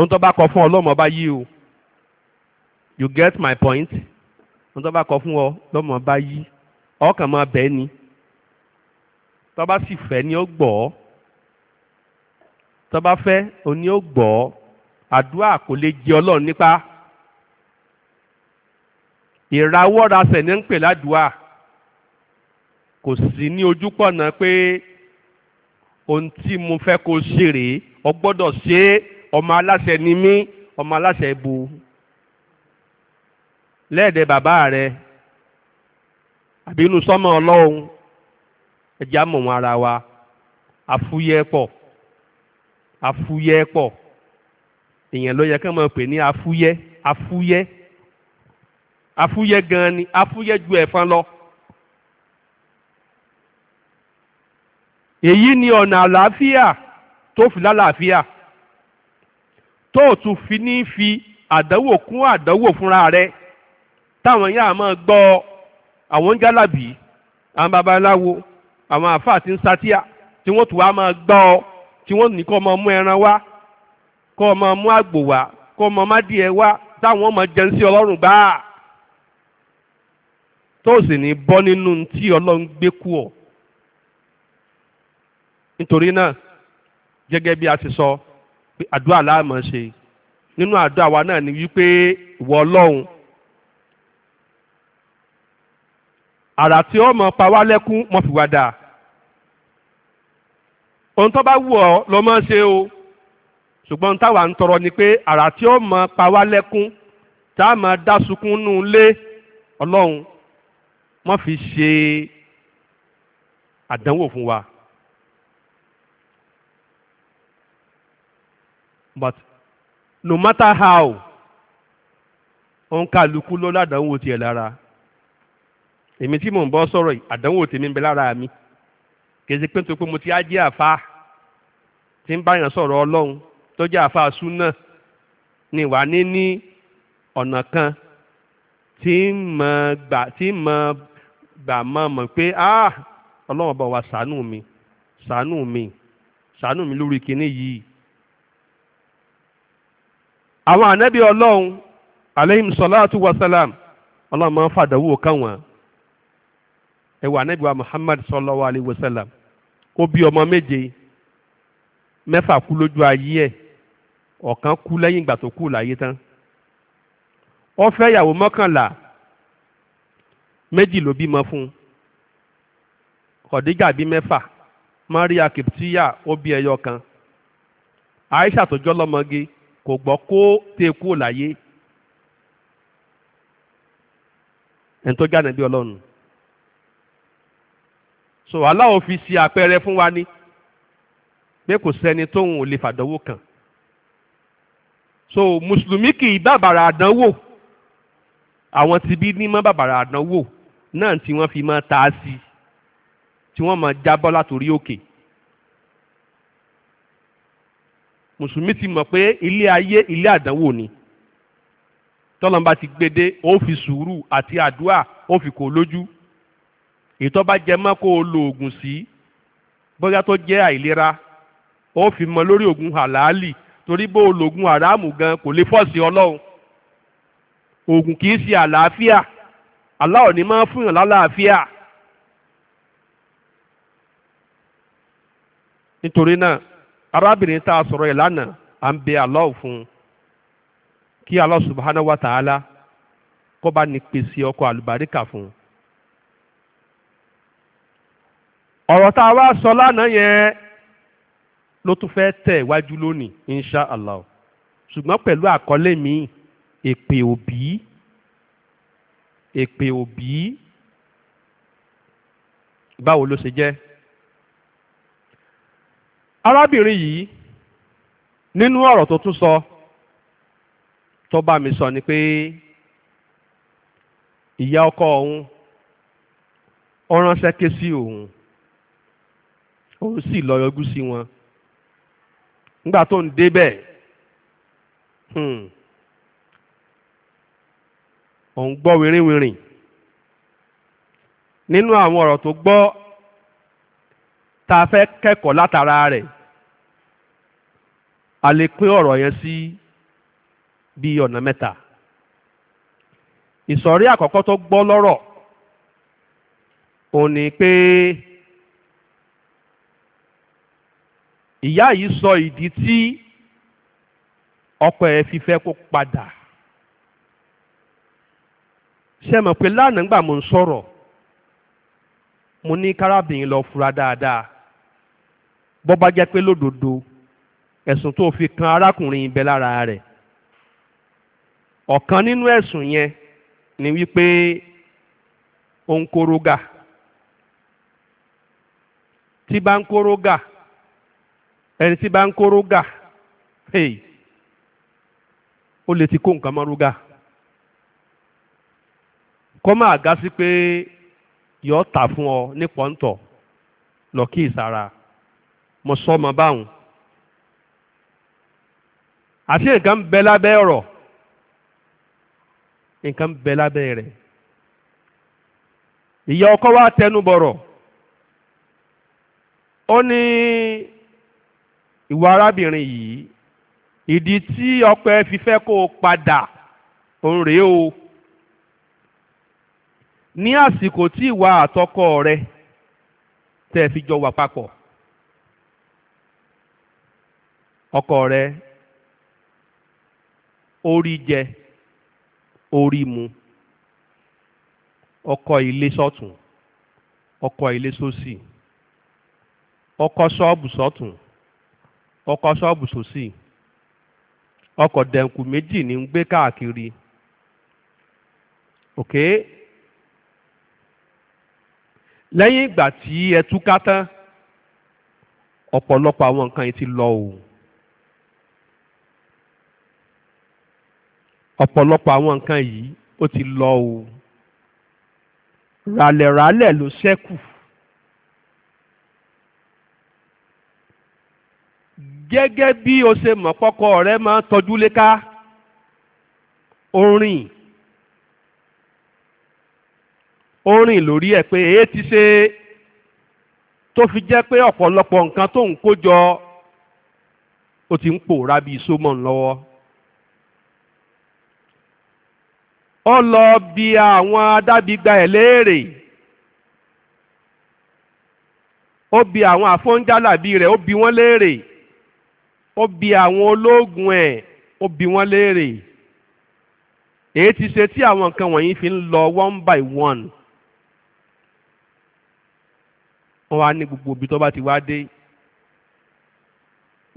ohun tó bá kọ fún ọ lọ́mọ bá yí o you get my point ohun tó bá kọ fún ọ lọ́mọ bá yí ọkàn máa bẹ́ẹ̀ ni tó bá sì fẹ́ ni ó gbọ́ tó bá fẹ́ o ní ó gbọ́ àdúrà kò lè jẹ ọlọ́run nípa ìrawọ́rasẹ̀ ní ń pè ládùúà kò sí ní ojúpọ̀nà pé ohun tí mo fẹ́ kó ṣe rèé o gbọ́dọ̀ ṣe é ọmọ aláṣẹ ni mí ọmọ aláṣẹ bu lẹ́ẹ̀dẹ̀ bàbá rẹ àbí inú sọ́mọ́ ọlọ́run ẹ̀já mọ̀ wọn ara wa àfúyẹ́ pọ̀ àfúyẹ́ pọ̀ èèyàn ló yẹ ká máa pè ní àfúyẹ́ àfúyẹ́ àfúyẹ́ gan ni àfúyẹ́ ju ẹ̀fọn lọ. èyí ni ọ̀nà àlàáfíà tó fi lálàáfíà tó o tún fi ní fi àdánwò kún àdánwò fúnra rẹ táwọn yá máa gbọ́ àwọn jálàbí àwọn babaláwo àwọn àáfàá tí ń sátíà tí wọ́n tún wá máa gbọ́ ọ tí wọ́n ní kó máa mú ẹran wá kó máa mú àgbò wá kó máa mádìẹ wá táwọn máa jẹun sí ọlọ́run gbáà tó sì ní bọ́ nínú tí ọlọ́run gbé kú ọ nítorí náà gẹ́gẹ́ bí a ti sọ. So, àdúrà láàmọ́ ṣe nínú àdúrà wa náà ni wípé ìwọ ọlọ́run àrà tí ó mọ̀ pa wá lẹ́kún mọ̀ fìwà dà ohun tó bá wù ọ́ lọ mọ́ ṣe o ṣùgbọ́n táwa ń tọrọ ni pé àrà tí ó mọ̀ pa wá lẹ́kún tá a mọ̀ dá sunkún nù lé ọlọ́run mọ̀ fi ṣe àdánwò fún wa. but no matter how òǹkàlùkù ló ládàánwò tiẹ̀ lára èmi tí mò ń bọ́ sọ̀rọ̀ yìí àdánwò tèmi ń bẹ lára mi kì í ṣe pé nítorí pé mo ti á jẹ́ àfa tí ń báyàn sọ̀rọ̀ ọlọ́run tó jẹ́ àfa súnà ni wà ní ní ọ̀nà kan tí mọ̀ gbà tí mọ̀ gbà mọ̀ mọ̀ pé ah ọlọ́run ọba wa ṣàánú mi ṣàánú mi ṣàánú mi lórí kinní yìí àwọn ànábì ọlọ́run aleyhim salatu wa salam ọlọ́run máa ń fàdánwò káwọn ẹ wà ànábì wa muhammad sallallahu alayhi wa salam ó bí ọmọ méje mẹ́fà kú lójú ayé ẹ̀ ọ̀kan kú lẹ́yìn ìgbà tó kú láyé tán ó fẹ́ ìyàwó mọ́kànlá méjì ló bímọ fún un kọ̀díjà bí mẹ́fà maria kìptíyà ó bí ẹyọ kan aisha tó jọ́ lọ́mọge kò gbọ́ kó tẹ̀ kú láyé ẹni tó jáde bí ọlọ́run so aláwo fi ṣe àpẹẹrẹ fún wa ni pé kò sẹ́ni tóun ò lè fàdánwò kàn so mùsùlùmí kì í bàbàrà àdánwò àwọn tí bí ní mọ́ bàbàrà àdánwò náà tí wọ́n fi máa ta á sí tí wọ́n máa jábọ́ látòrí òkè. Okay mùsùlùmí ti mọ̀ pé ilé ayé ilé àdánwò ni tọ́lọ́mbà ti gbede ó fi sùúrù àti àdúrà ó fi kò lójú ìtọ́ bá jẹ mọ́ kó o lo oògùn sí bóyá tó jẹ́ àìlera ó fi mọ lórí oògùn hàlàálì torí bó o lo oògùn àràmù gan kò lè fọ́ọ̀sì ọlọ́run oògùn kì í ṣe àlàáfíà aláwọ̀ ni máa ń fún yàn lálàáfíà. nítorí náà arábìnrin tá a sọ̀rọ̀ ẹ̀ lánàá à ń bẹ Allah fún kí Allah subhanahu wa ta'ala kó bá ní pèsè ọkọ àlùbáríkà fún ọ̀rọ̀ tá a wá sọ lánàá yẹn ló tún fẹ́ tẹ̀ wájú lónìí insha allah ṣùgbọ́n pẹ̀lú àkọlé mi èpè òbí èpè òbí báwo ló ṣe jẹ́ arábìnrin yìí nínú ọ̀rọ̀ tó tún sọ tó bá mi sọ ni pé ìyá ọkọ òun ó ránṣẹ́ ké sí òun òun sì lọ yọjú sí wọn nígbà tó ń débẹ̀ hmm, òun gbọ́ wìrìwìrì nínú àwọn ọ̀rọ̀ tó gbọ́ tá a fẹ́ kẹ́kọ̀ọ́ látara rẹ̀ a lè pín ọ̀rọ̀ yẹn sí bí ọ̀nà mẹ́ta ìsọ̀rí àkọ́kọ́ tó gbọ́ lọ́rọ̀ òun ni pé ìyá yìí sọ ìdí tí ọkọ ẹ̀ fi fẹ́ kó padà ṣe mọ̀ pé lánàá gbà mo ń sọ̀rọ̀ mo ní kárábìnrin lọ fura dáadáa bó bá jẹ́ pé lódodo ẹ̀sùn tó fi kan arákùnrin ibẹ̀ lára rẹ̀ ọ̀kan nínú ẹ̀sùn yẹn ni wípé ó ń kórógà tí bá ń kórógà ẹni tí bá ń kórógà hey ó lè ti kó nǹkan mọ́rúgà kọ́ máa gá sí pé yọ̀ọ́ tà fún ọ nípọ̀ ń lọ́kì ìsara mo sọ ọmọ báwọn àti nǹkan ń bẹ lábẹ́ ọ̀rọ̀ nǹkan ń bẹ lábẹ́ rẹ̀ ìyá ọkọ wa tẹnu bọ̀rọ̀ ó ní ìwà arábìnrin yìí ìdí tí ọkọ ẹ kó o padà òun rèé o ní àsìkò tí ìwà àtọkọ rẹ tẹ́ fi jọ wà papọ̀. ọkọ rẹ orí jẹ orí mu ọkọ ilé sọ́tún ọkọ ilé sósì ọkọ ṣọ́ọ̀bù sọ́tún ọkọ ṣọ́ọ̀bù sósì ọkọ dẹ̀ǹkù méjì ní ń gbé káàkiri òkè lẹ́yìn ìgbà tí ẹ túká tán ọ̀pọ̀lọpọ̀ àwọn nǹkan yìí ti lọ òun ọ̀pọ̀lọpọ̀ àwọn nǹkan yìí ó ti lọ o ràlẹ̀ràlẹ̀ ló ṣẹ́kù gẹ́gẹ́ bí o ṣe mọ̀ pọ́kọ rẹ máa ń tọ́jú léka orin orin lórí ẹ̀ pé èé ti ṣe tó fi jẹ́ pé ọ̀pọ̀lọpọ̀ nǹkan tó ń kó jọ ó ti ń pòórá bíi sómọ̀ ńlọ́wọ́. So ó lọ bi àwọn adábìgba ẹ̀ léèrè ó bi àwọn àfọ́njálàbí rẹ̀ ó bi wọ́n léèrè ó bi àwọn ológun ẹ̀ ó bi wọ́n léèrè èyí ti ṣe tí àwọn nǹkan wọ̀nyí fi ń lọ one by one wọ́n wá ní gbogbo ibi tó bá ti wá dé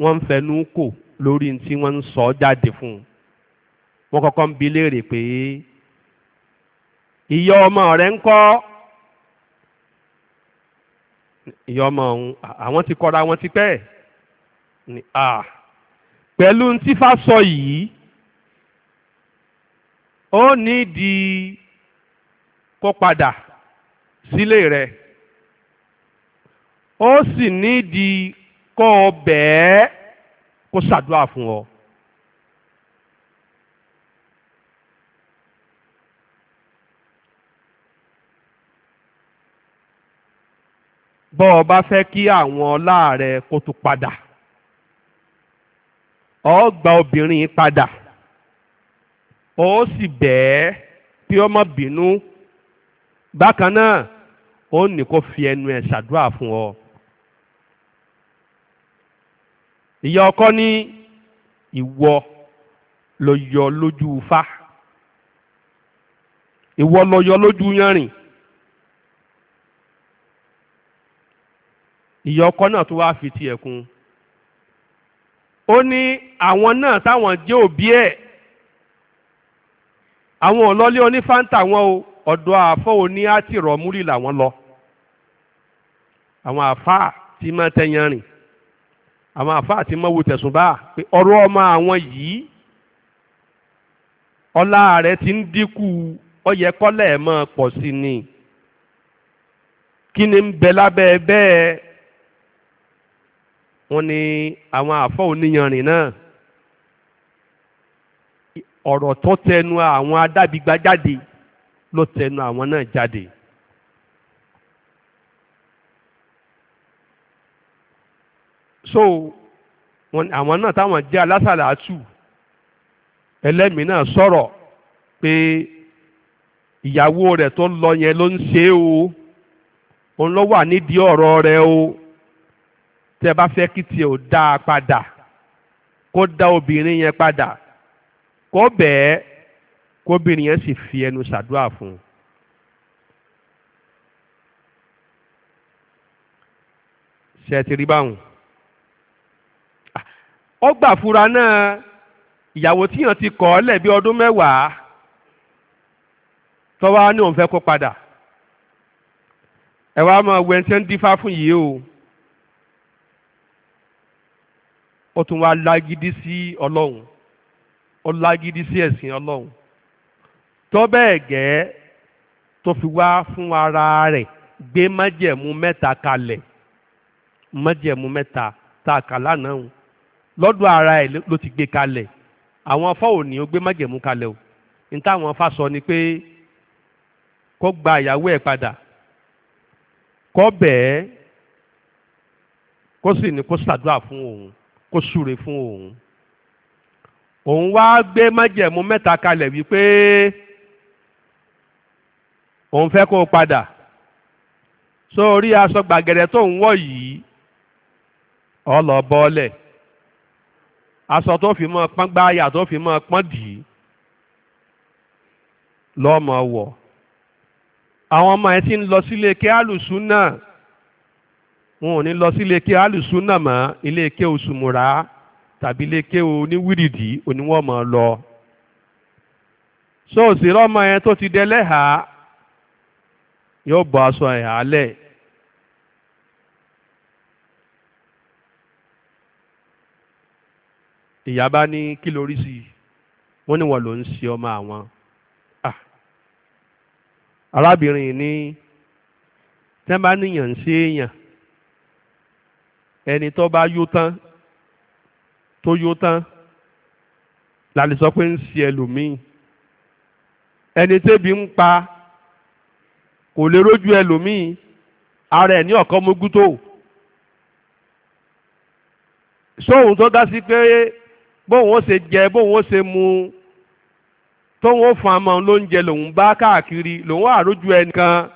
wọ́n ń fẹnu kò lórí tí wọ́n ń sọ jáde fún un wọ́n kọ́kọ́ ń bi léèrè pé ìyá ọmọ rẹ̀ ń kọ́ ìyá ọmọ ọ̀hún àwọn ti kọ́ra wọn ti pẹ́ ni a pẹ̀lú ń tífà sọ yìí ó ní di kó padà sílé rẹ̀ ó sì ní di kó o kó ṣàdúrà fún ọ. bọ́ ọ bá fẹ́ kí àwọn ọlá rẹ kó tún padà ọ gba obìnrin padà ó sì bẹ́ẹ̀ pé ọmọ bínú bákan náà ó ní kó fi ẹnu ẹ̀ ṣàdúrà fún ọ. ìyá ọkọ ní ìwọ ló yọ lójú fá ìwọ ló yọ lójú yanrìn. ìyá ọkọ náà tó wáá fi tiẹ̀ kún ó ní àwọn náà táwọn jẹ́ òbí ẹ̀ àwọn ọ̀lọ́lé onífáńtà wọn o ọ̀dọ̀ àfọ́ òní àtìrọ̀ múlì làwọn lọ àwọn àfáà tí máa tẹ̀yàn rìn àwọn àfáà tí máa wo tẹ̀sùn bá pé ọ̀rọ̀ ọmọ àwọn yìí ọlá rẹ̀ ti ń dínkù ọyẹkọ́lẹ̀ máa pọ̀ sí ni kí ni ń bẹ lábẹ́ bẹ́ẹ̀. wọ́n ní àwọn àfọ́ oníyanrìn náà ọ̀rọ̀ tó tẹnu àwọn adábìgbà jáde ló tẹnu àwọn náà jáde. so àwọn náà táwọn jẹ́ alásàlátù ẹlẹ́mìí náà sọ̀rọ̀ pé ìyàwó rẹ̀ tó lọ yẹn ló ń ṣe é o òun ló wà nídìí ọ̀rọ̀ rẹ̀ o. tẹ́ ẹ bá fẹ́ kí tiẹ̀ ò dá a padà kó dá obìnrin yẹn padà kó bẹ́ẹ̀ kóbìnrin yẹn sì fi ẹnu ṣàdúrà fún un. ṣe ti rí báwọn. ó gbà fúra náà ìyàwó tíyàn ti kọ̀ ọ́ lẹ̀ ọdún mẹ́wàá tọ́wá ní òun fẹ́ kó padà. ẹ wá máa wẹ́ńtẹ́ ń dífá fún yìí o. ó tún wá lágídí sí ọlọ́run ó lágídí sí ẹ̀sìn ọlọ́run tó bẹ́ẹ̀ gẹ́ tó fi wá fún ara rẹ̀ gbé májẹ̀mú mẹ́ta kalẹ̀ májẹ̀mú mẹ́ta tá a kà lánàá o lọ́dọ̀ ara ẹ̀ ló ti gbé kalẹ̀ àwọn afọ́ òní ó gbé májẹ̀mú kalẹ̀ o ní táwọn afá sọ ni pé kó gba ìyàwó ẹ̀ padà kó bẹ̀ẹ́ kó sì ní kó ṣàdúrà fún òun kó súre fún òun òun wá gbé májẹ̀mú mẹ́ta kalẹ̀ wípé òun fẹ́ kó padà sórí aṣọ gbàgẹ̀rẹ̀ tó ń wọ̀ yìí ọlọ bọ́ọ̀lẹ̀ aṣọ tó fi mọ́ pọ́n gbáyà tó fi mọ́ pọ́n dì í lọ́mọ wọ̀ àwọn ọmọ ẹ ti ń lọ sílé kí alùsùn náà wọn ò ní lọ sí ilé-ike alùsùnà mọ́ ilé-ike òsùmùrà tàbí ilé-ike oníwìrìdì oníwọ̀mọ̀ lọ. sóòsì rọ́mọ yẹn tó ti dẹlẹ́hà yóò bọ́ aṣọ ẹ̀ hálẹ̀. ìyá bá ní kí lórí sí i wọ́n ní wọ́n ló ń ṣe ọmọ àwọn. arábìnrin ní tẹ́ níyàn ń ṣe èèyàn ẹni tó bá yó tán tó yó tán la lè sọ pé ń ṣe ẹlòmíì ẹni tẹ́bi ń pa kò lè rójú ẹlòmíì ara ẹ̀ ní ọ̀kan mogú tó sóhun tó dá sí pé bóun ó ṣe jẹ bóun ó ṣe mu tóun ó fún amọ̀ lóúnjẹ lòun bá káàkiri lòun àrójú ẹnìkan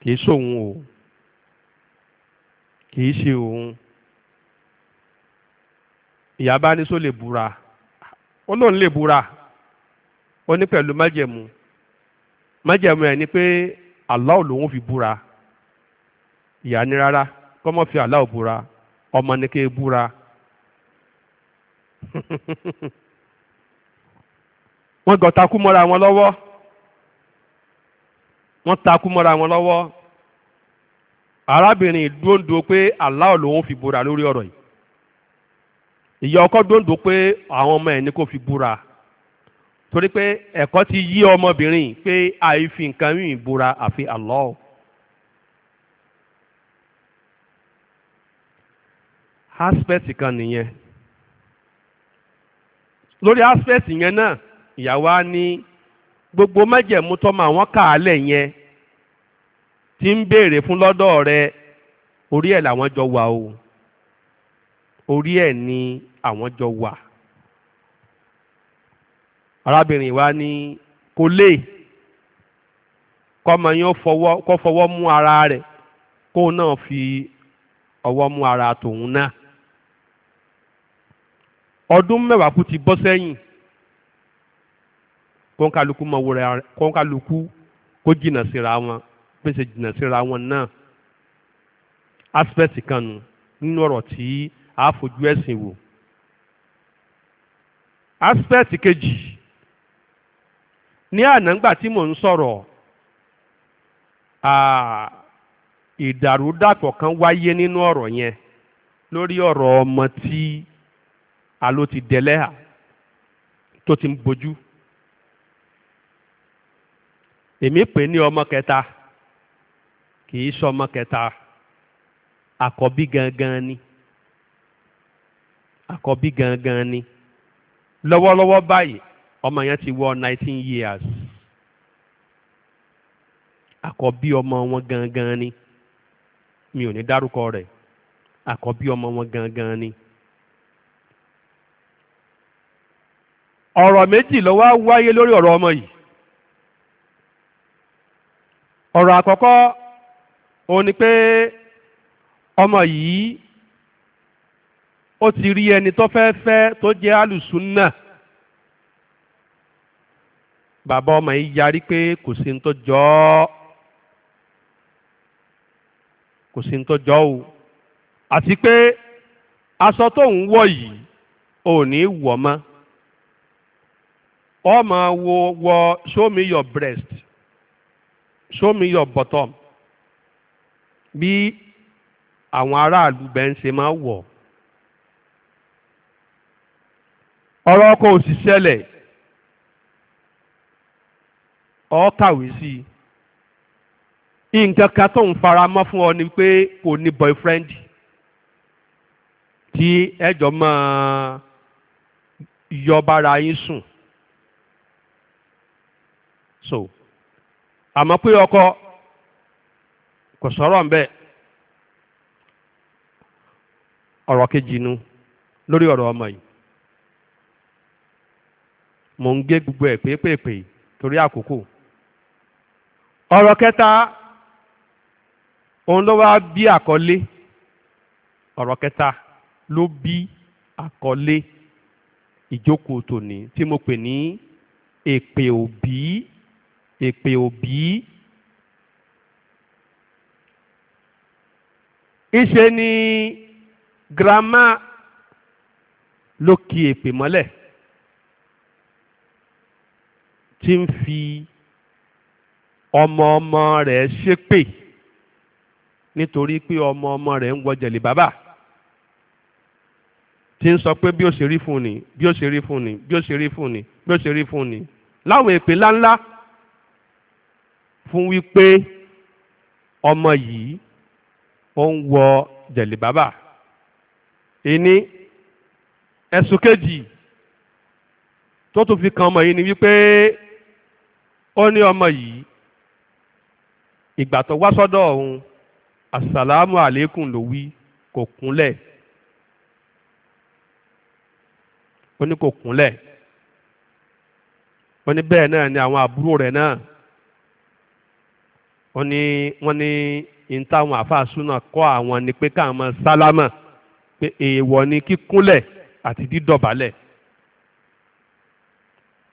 kì í sóhun o kì í ṣe òun ìyá bá ní só lè búra ó lóun lè búra ó ní pẹ̀lú májẹ̀mú májẹ̀mú ẹ̀ ni pé Allah lòun fi búra ìyá ní rárá kọ́mọ́ fi Allah bura. ọmọ ní kí búra wọ́n gọ̀ takú mọ́ra wọn lọ́wọ́ wọ́n takú mọ́ra wọn lọ́wọ́ arábìnrin dúndú pé Allah lòun fi búra lórí ọ̀rọ̀ yìí ìyá ọkọ dòǹdò pé àwọn ọmọ ẹ̀ ní kò fi búra torí pé ẹ̀kọ́ ti yí ọmọbìnrin pé àìfi nǹkan mìíràn búra àfi Allah. aspect kan nìyẹn lórí aspect yẹn náà ìyàwó á ní gbogbo májẹ̀mú tọ́mọ àwọn kàálẹ̀ yẹn tí ń béèrè fún lọ́dọ̀ rẹ orí ẹ̀ làwọn jọ wà o orí ẹ̀ ni àwọn jọ wà arábìnrin wa ní kò lè kọ́mọ yín kó fọwọ́ mú ara rẹ̀ kó náà fi ọwọ́ mú ara tòun náà ọdún mẹ́wàá kú ti bọ́ sẹ́yìn kọ́ńkálukú mọ̀ wúra kọ́ńkálukú kó jìnnà síra wọn pèsè jìnnà síra wọn náà aspect kan nù nínú ọ̀rọ̀ tí á fojú ẹ̀sìn wò. aspect kejì ní ànágbà tí mò ń sọ̀rọ̀ ìdàrúdàpọ̀ kan wáyé nínú ọ̀rọ̀ yẹn lórí ọ̀rọ̀ ọmọ tí aló ti dẹlẹ́hà tó ti ń bojú èmi pè ní ọmọ kẹta kì í sọ ọmọ kẹta àkọ́bí gangan ni. àkọ́bí gangan ni lọ́wọ́lọ́wọ́ báyìí ọmọ yẹn ti wọ nineteen years àkọ́bí ọmọ wọn gangan ni mi ò ní dárúkọ rẹ̀ àkọ́bí ọmọ wọn gangan ni. ọ̀rọ̀ méjì ló wá wáyé lórí ọ̀rọ̀ ọmọ yìí ọ̀rọ̀ àkọ́kọ́ òun ni pé ọmọ yìí ó ti rí ẹni tó fẹ́ fẹ́ tó jẹ́ alùsùnà bàbá ọmọ yìí yarí pé kò sí ní tó jọ ọ́ kò sí ní tó jọ ọ́ àti pé aṣọ tó ń wọ̀ yìí ò ní wọ̀ mọ́ ọ máa wo wọ show me your breast show me your bottom bí àwọn aráàlú bẹ́ẹ̀ ń ṣe máa wọ̀ ọrọ ọkọ ò sì ṣẹlẹ̀ ọ kàwé sí nǹkan kan tó ń fara fún ọ ni pé kò ní boyfriend tí ẹjọ́ máa yọ bára yín sùn so àmọ pé ọkọ kò sọrọ ńbẹ́ ọrọ kejì nu lórí ọ̀rọ̀ ọmọ yìí. mò ń gé gbogbo ẹ̀ pépèpè torí àkókò ọ̀rọ̀ kẹta òun ló wá bí àkọlé ọ̀rọ̀ kẹta ló bí àkọlé ìjókòó tòní tí mo pè ní èpè òbí èpè òbí ìṣe ni girama ló ki èpè mọ́lẹ̀. ti ń fi ọmọ ọmọ rẹ̀ ṣépè nítorí pé ọmọ ọmọ rẹ̀ ń wọ jẹ̀lì bàbà ti ń sọ pé bí ó ṣe rí fún ni bí ó ṣe rí fún ni bí ó ṣe rí fún ni bí ó ṣe rí fún ni láwọn èpè ńláńlá fún wípé ọmọ yìí ó ń wọ jẹ̀lì bàbà ìní ẹ̀sùn kejì tó tún fi kan ọmọ yìí ni wípé ó ní ọmọ yìí ìgbà tó wá sọ́dọ̀ òun asàlámù àlékún ló wí kò kúnlẹ̀ ó ní kò kúnlẹ̀ ó ní bẹ́ẹ̀ náà ni àwọn àbúrò rẹ̀ náà ó ní wọ́n ní n táwọn àfàsùn náà kọ́ àwọn ni pé káwọn sálámà pé èèwọ̀ ni kíkúnlẹ̀ àti dídọ̀bálẹ̀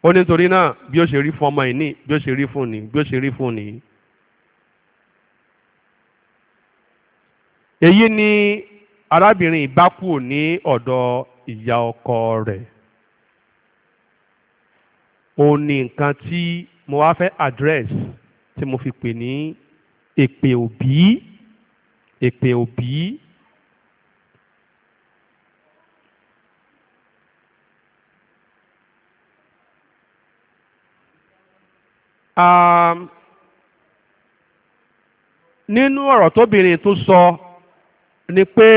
ó ní torí náà bí ó ṣe rí fún ọmọ ìní bí ó ṣe rí fún ni bí ó ṣe rí fún ni. èyí ni arábìnrin bá kú ní ọ̀dọ̀ ìyá ọkọ rẹ̀ òun ni nǹkan tí mo wá fẹ́ address tí mo fi pè ní èpè òbí èpè òbí nínú ọ̀rọ̀ tóbìnrin tó sọ ni pé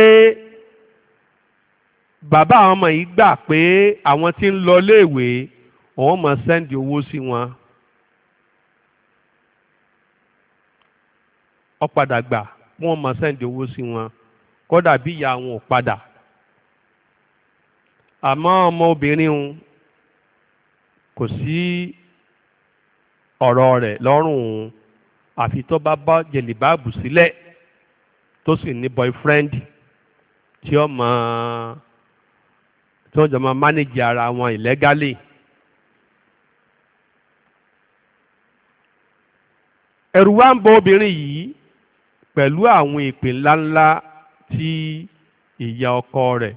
bàbá àwọn ọmọ yìí gbà pé àwọn tí ń lọ léèwé òun máa sẹ́ndì owó sí wọn. ó padà gbà wọ́n máa sẹ́ndì owó sí wọn kódà bí ìyá wọn ò padà. àmọ́ ọmọ obìnrin kò sí ọ̀rọ̀ rẹ̀ lọ́rùn àfi tó bá bá jẹ̀lìbáàbù sílẹ̀ tó sì ní boyfriend tí ó mọ tí wọ́n jọ máa manage ara wọn illegally. ẹ̀rù wá ń bọ obìnrin yìí pẹ̀lú àwọn ìpè ńláńlá tí ìyá ọkọ rẹ̀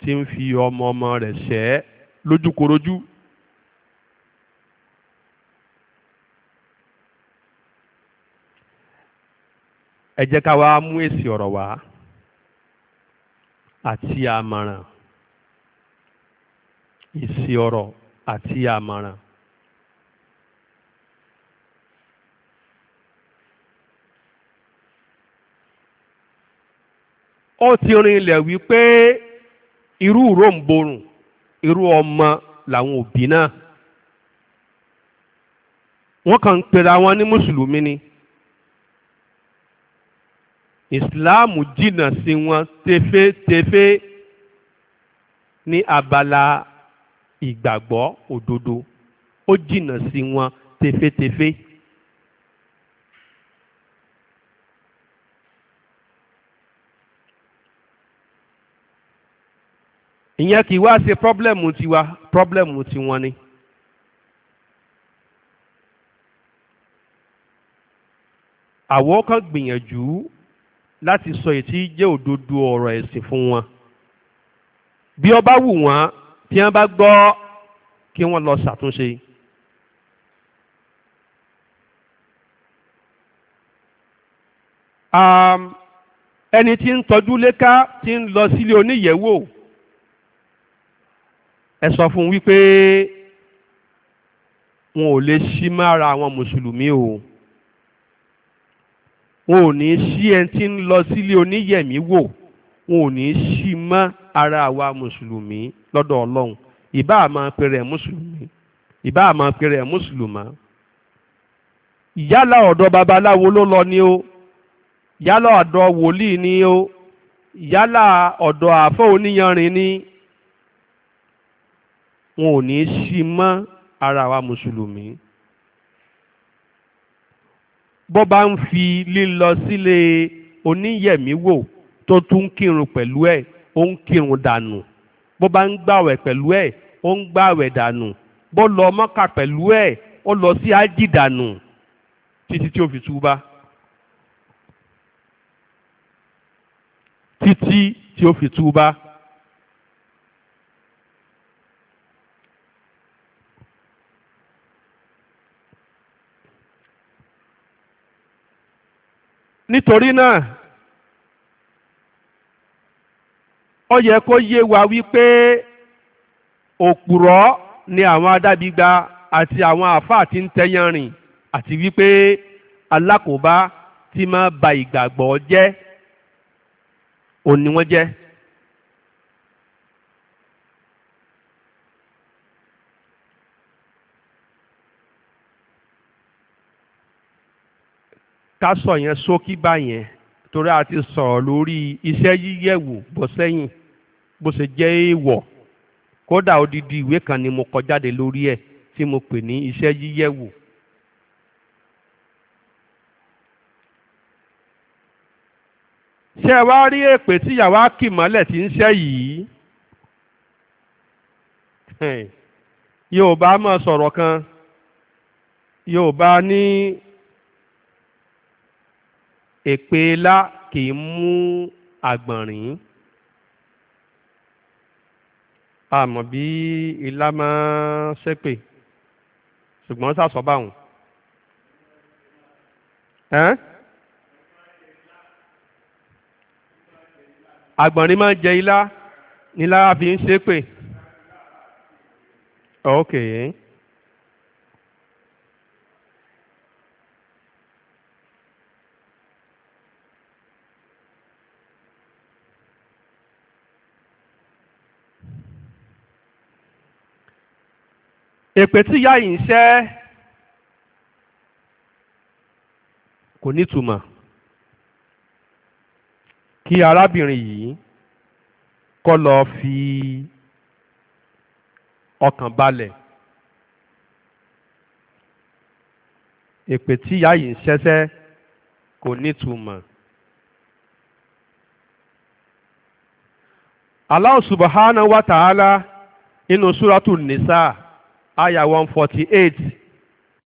ti ń fi ọmọ ọmọ rẹ̀ ṣẹ́ lójúkorojú. ẹ jẹ́ ká wá mú èsì ọ̀rọ̀ wá àti àmọ̀ràn èsì ọ̀rọ̀ àti àmọ̀ràn. ó ti rin ilẹ̀ wípé irú ròǹborùn irú ọmọ làwọn òbí náà wọ́n kàn ń pera wọn ní mùsùlùmí ni. Musulumi, ìsìláàmù jìnnà sí wọn tefétefé ní abala ìgbàgbọ́ òdodo ó jìnnà sí wọn tefétefé. ìyẹn kì í wá ṣe pọ́blẹ́mù tiwa pọ́blẹ́mù tiwọn ni. àwọn kan gbìyànjú láti sọ ètí jẹ́ òdodo ọ̀rọ̀ ẹ̀sìn fún wọn bí ó bá wù wọ́n tí wọ́n bá gbọ́ kí wọ́n lọ ṣàtúnṣe. ẹni tí ń tọ́jú léka tí ń lọ sílé oníyẹ̀wò ẹ sọ fún wípé wọn ò lè ṣí mára àwọn mùsùlùmí o wọn ò ní ṣí ẹni tí ń lọ sílé oníyẹ̀mí wò wọn ò ní ṣí mọ́ ara àwa mùsùlùmí lọ́dọ̀ ọlọ́run ìbá àmọ́ pẹ̀rẹ̀ mùsùlùmí ìbá àmọ́ pẹ̀rẹ̀ mùsùlùmá yálà ọ̀dọ̀ babaláwo ló lọ ni o yálà ọ̀dọ̀ wòlíì ni o yálà ọ̀dọ̀ àfọ́ oníyanrìn ni wọn ò ní ṣí mọ́ ara àwa mùsùlùmí bó bá ń fi lílọ sílé oníyẹ̀mí wò tó tún ń kírun pẹ̀lú ẹ̀ ó ń kírun dànù bó bá ń gbàwẹ̀ pẹ̀lú ẹ̀ ó ń gbàwẹ̀ dànù bó lọ mọ́kà pẹ̀lú ẹ̀ ó lọ sí ájì dànù títí tí ó fi túbá títí tí ó fi túbá. nítorí náà ó yẹ kó yé wa wípé òpùrọ́ ni àwọn adábígba àti àwọn àáfàá tí ń tẹ́yán rìn àti wípé alákòóbá tí máa ba ìgbàgbọ́ jẹ́ òun ni jẹ́. ká sọ yẹn ṣókí báyẹn torí a ti sọ̀rọ̀ lórí iṣẹ́ yíyẹ̀wò bọ́ sẹ́yìn bó ṣe jẹ́ èèwọ̀ kódà odidi ìwé kan ni mo kọ jáde lórí ẹ̀ tí mo pè ní iṣẹ́ yíyẹ̀wò. ṣé ẹ wá rí èpè tí ìyàwó kì mọ́lẹ̀ tí ń ṣẹ́ yìí Yorùbá máa sọ̀rọ̀ kan Yorùbá ní. Ni èpè lá kì í mú àgbọ̀nrín àmọ́ bí ilá máa ṣépè ṣùgbọ́n sàṣọ báwọn. àgbọ̀nrín máa ń jẹ ilá nílá fi ń ṣépè. Okay. èpè tí ìyá yìí ń ṣẹ́ kò nítumọ̀ kí arábìnrin yìí kọ́ lọ fi ọkàn balẹ̀ èpè tí ìyá yìí ń ṣẹ́ṣẹ́ kò nítumọ̀. Allah subhanahu wa ta'ala inú súrátù nìsáà aya one forty eight